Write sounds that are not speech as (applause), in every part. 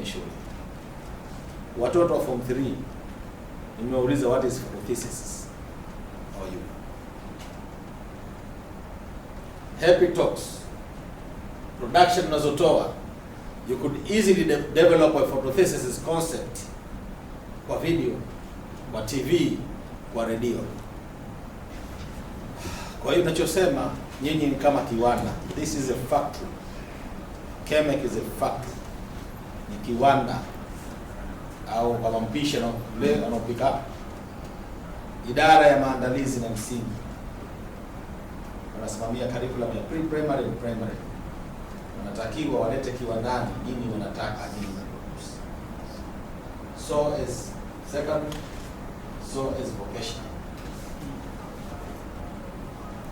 kwenye shule. Watoto wa form 3 nimeuliza what is photosynthesis? you. Happy talks production unazotoa you could easily de develop a photosynthesis concept kwa video, kwa TV, kwa redio. Kwa hiyo tunachosema nyinyi ni kama kiwanda. This is a factory. Kemek is a factory ni kiwanda au kama mpishi anaopika, idara ya maandalizi na msingi wanasimamia curriculum ya pre primary na primary, wanatakiwa walete kiwandani nini wanataka nini. So as second, so as vocational.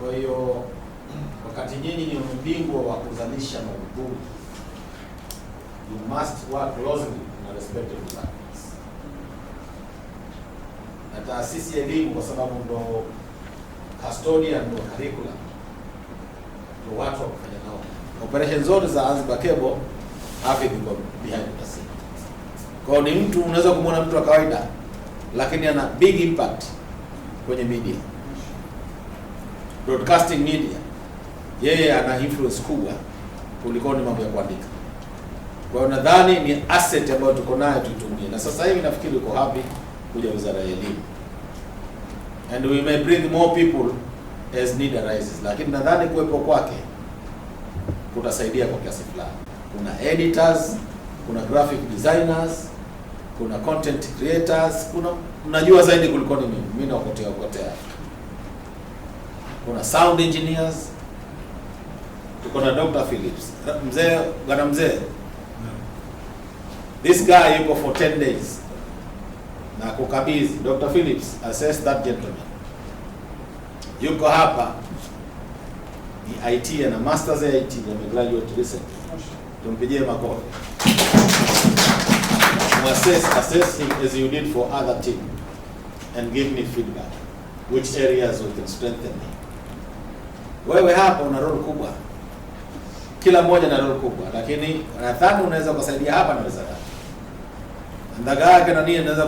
Kwa hiyo wakati nyinyi ni mbingwa wa kuzalisha maudhui you must work closely na respected departments na taasisi ya elimu, kwa sababu ndo custodian ndo curriculum ndo watu wa kufanya nao operation zote za Zanzibar Cable, behind the scene. Kwa ni mtu unaweza kumwona mtu wa kawaida, lakini ana big impact kwenye media broadcasting media, yeye ana influence kubwa kuliko ni mambo ya kuandika. Kwa hiyo nadhani ni asset ambayo tuko nayo tuitumie, na sasa hivi nafikiri uko happy kuja Wizara ya Elimu, and we may bring more people as need arises, lakini nadhani kuwepo kwake kutasaidia kwa kiasi fulani. Kuna editors, kuna graphic designers, kuna content creators, kuna mnajua zaidi kuliko ni mimi, mimi naokotea okotea. Kuna sound engineers, tuko na Dr. Phillips mzee bwana mzee This guy yuko for 10 days na kukabidhi. Dr. Phillips, assess that gentleman. Yuko hapa ni IT ana masters ya IT amegraduate recently. Tumpigie makofi. Assess, assess him as you did for other team and give me feedback which areas we can strengthen him. Wewe hapa una role kubwa, kila mmoja na role kubwa, lakini nadhani unaweza kusaidia hapa na wizara ndaga yake na nini naweza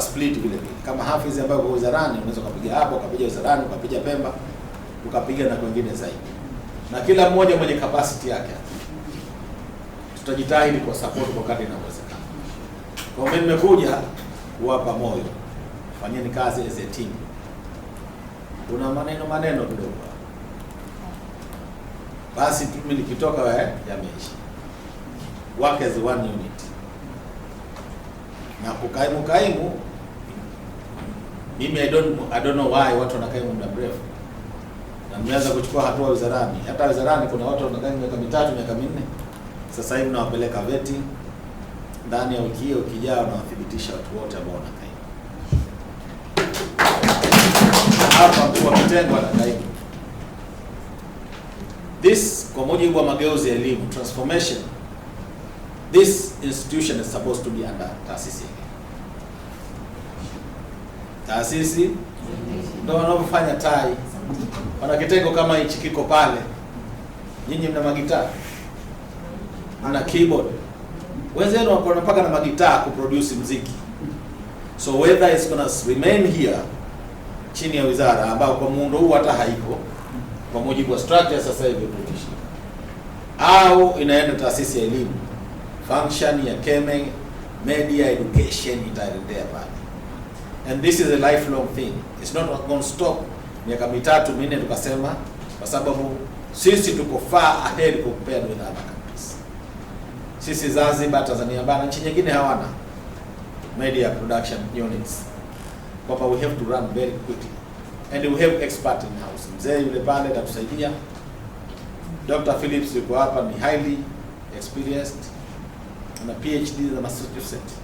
split vile vile. Kama Hafiz ambayo kwa wizarani unaweza kupiga hapo, ukapiga wizarani, ukapiga Pemba, ukapiga na kwingine zaidi. Na kila mmoja mwenye capacity yake. Tutajitahidi kwa support kwa kadri inawezekana. Kwa mimi nimekuja kuwapa moyo. Fanyeni kazi as a team. Kuna maneno maneno kidogo. Basi mimi nikitoka wewe eh, yameisha. Work as one unit na kukaimu kaimu, mimi I don't, I don't know why watu wanakaimu muda mrefu, na mmeanza kuchukua hatua wizarani. Hata wizarani kuna watu wanakaimu miaka mitatu, miaka minne. Sasa hivi nawapeleka veti ndani ya wiki hiyo, ukijaa wanawathibitisha watu wote ambao wanakaimu hapa kwa kitengo wanakaimu. This kwa mujibu wa mageuzi ya elimu transformation, this institution is supposed to be under taasisi taasisi ndio wanaofanya tai. Wana kitengo kama hichi kiko pale. Nyinyi mna magitaa, mna keyboard, wenzenu wako mpaka na magitaa kuproduce mziki. So whether it's gonna remain here chini ya wizara ambayo kwa muundo huu hata haipo kwa mujibu wa structure sasa hivi, au inaenda taasisi ya elimu function ya Keme Media Education itaendelea pale, and this is a lifelong thing, it's not going to stop miaka mitatu minne, tukasema kwa sababu sisi tuko far ahead compared with other countries. Sisi Zanzibar, Tanzania bana, nchi nyingine hawana media production units, kwamba we have to run very quickly and we have expert in house. Mzee yule pale atatusaidia. Dr. Phillips yuko hapa, ni highly experienced ana PhD za Massachusetts,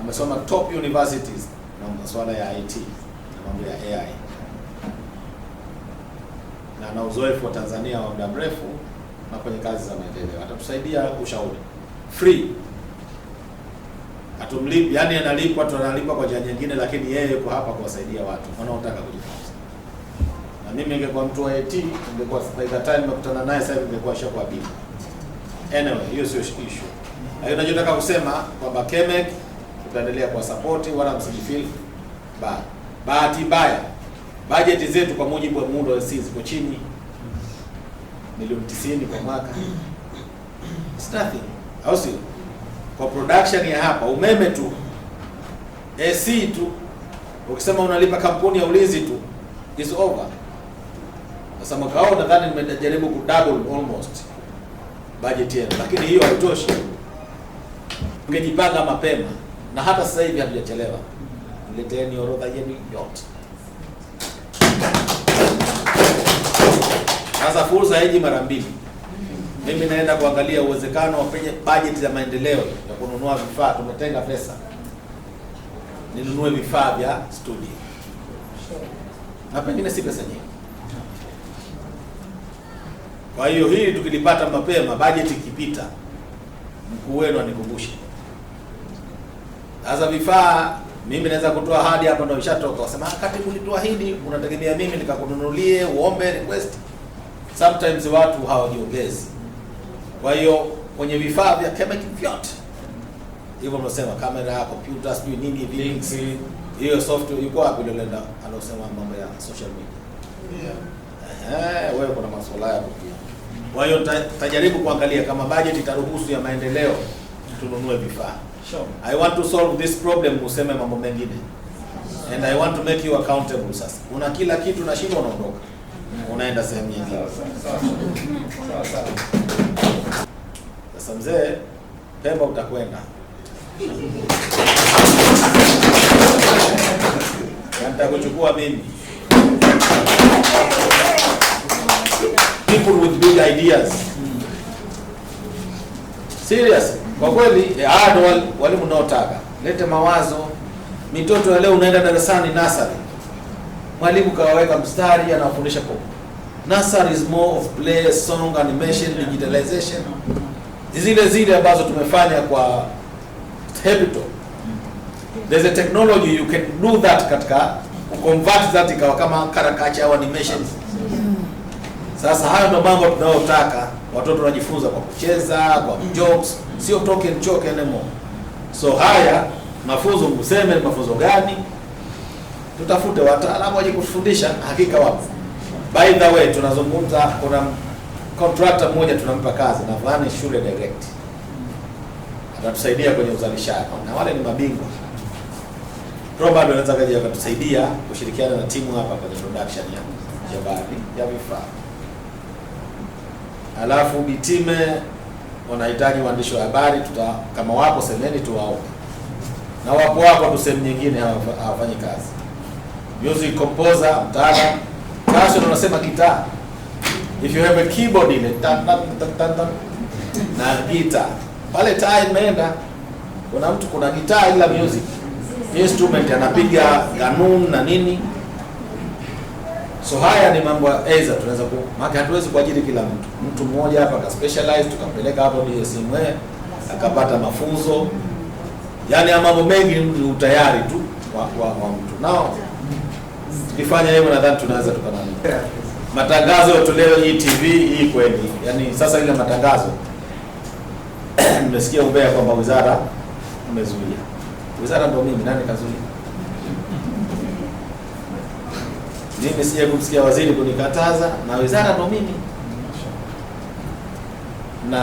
amesoma top universities na masuala ya IT na mambo ya AI na ana uzoefu wa Tanzania wa muda mrefu na kwenye kazi za maendeleo. Atatusaidia ushauri free, hatumlipi. Yani analipwa tu, analipwa kwa njia nyingine, lakini yeye yuko hapa kuwasaidia watu wanaotaka kujifunza. Na mimi ningekuwa mtu wa IT, ningekuwa by the time nakutana naye sasa hivi ningekuwa shakuwa bingwa. Anyway, hiyo sio issue, lakini unachotaka kusema kwamba Kemek tutaendelea kwa support, wala msijifeel ba. Bahati mbaya bajeti zetu kwa mujibu wa muundo wa si ziko chini milioni 90 kwa mwaka, it's nothing, au sio? Kwa production ya hapa umeme tu, AC tu, ukisema unalipa kampuni ya ulinzi tu is over. Sasa mwaka huu nadhani nimejaribu double almost bajeti yenu, lakini hiyo haitoshi. Ungejipanga mapema, na hata sasa hivi hatujachelewa. leteni orodha yenu yote. Sasa fursa haiji mara mbili. Mimi naenda kuangalia uwezekano wa kwenye bajeti ya maendeleo ya kununua vifaa. Tumetenga pesa ninunue vifaa vya studio na pengine si pesa nyingi kwa hiyo hili tukilipata mapema, bajeti ikipita, mkuu wenu anikumbushe. Sasa vifaa mimi naweza kutoa ahadi hapa, ndio ishatoka, wasema ah, kati ulituahidi, unategemea mimi nikakununulie uombe request. Sometimes watu hawajiongezi. Kwa hiyo kwenye vifaa vya kemiki vyote hivyo unasema kamera, kompyuta, sijui nini, links, hiyo software yuko wapi? Ndio alosema mambo ya social media, yeah. Kwa hiyo tajaribu kuangalia kama budget itaruhusu ya maendeleo tununue vifaa. Sure. I want to solve this problem, useme mambo mengine. And I want to make you accountable sasa. Una kila kitu na shida unaondoka. Unaenda sehemu nyingine. Sasa mzee, Pemba utakwenda. Nitakuchukua mimi people with big ideas serious. Kwa kweli eh, hawa walimu naotaka lete mawazo. Mitoto ya leo unaenda darasani nasari, mwalimu kawaweka mstari, anawafundisha po Nasari is more of play, song, animation, digitalization zile zile ambazo tumefanya kwa Habitat. There's a technology you can do that katika convert that ikawa kama caricature au animations sasa hayo ndio mambo tunayotaka watoto wanajifunza kwa kucheza, kwa jokes, sio token choke anymore. So haya mafunzo mseme ni mafunzo gani? Tutafute wataalamu waje kufundisha, hakika wapo. By the way, tunazungumza kuna contractor mmoja tunampa kazi, na vani shule direct atatusaidia kwenye uzalishaji, na wale ni mabingwa. Robert anaweza kaja akatusaidia kushirikiana na timu hapa kwenye production ya jabari ya vifaa alafu Bitime wanahitaji waandishi wa habari, tuta kama wapo semeni, tuwaombe na wapo wapo tu sehemu nyingine hawafanyi kazi. Music composer mtaala kasho tunasema gitaa, if you have a keyboard ile tan tan tan tan na gitaa pale, taa imeenda. Kuna mtu kuna gitaa ila music instrument anapiga kanun na nini So haya ni mambo aidha eh, tunaweza ku maana hatuwezi kuajiri kila mtu. Mtu mmoja hapa ka specialize tukampeleka hapo DSMA akapata mafunzo. Yaani ya mambo mengi ni utayari tu wa, wa, wa mtu. Nao tukifanya hivyo nadhani tunaweza tukanani. Matangazo yatolewe hii TV hii kweli. Yaani sasa ile matangazo (clears throat) nimesikia ubaya kwamba wizara umezuia. Wizara ndio mimi nani kazuia? mimi sija kumsikia waziri kunikataza, na wizara ndo mimi na,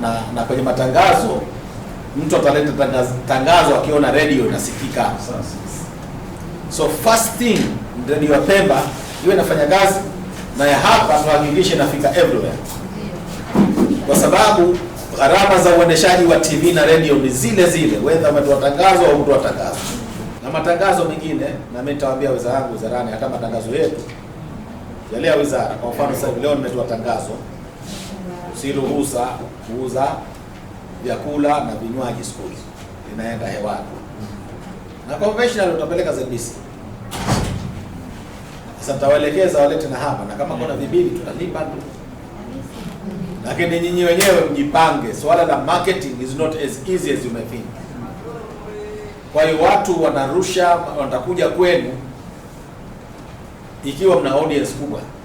na na kwenye matangazo mtu ataleta tangazo, tangazo akiona radio inasikika. So first thing radio ya Pemba iwe inafanya kazi na ya hapa tuhakikishe inafika everywhere, kwa sababu gharama za uendeshaji wa TV na radio ni zile zile, whether umetoa tangazo au hutoa tangazo na matangazo mengine, na mimi nitawaambia yangu wizarani, hata matangazo yetu yale ya wizara. Kwa mfano sasa leo nimetoa tangazo, usiruhusa kuuza vyakula na vinywaji skuli, inaenda hewani na conventional utapeleka ZBC. Sasa tawaelekeza walete na hapa, na kama kuna vibili tutalipa tu, lakini nyinyi wenyewe mjipange. Swala la marketing is not as easy as you may think. Kwa hiyo watu wanarusha, watakuja kwenu ikiwa mna audience kubwa.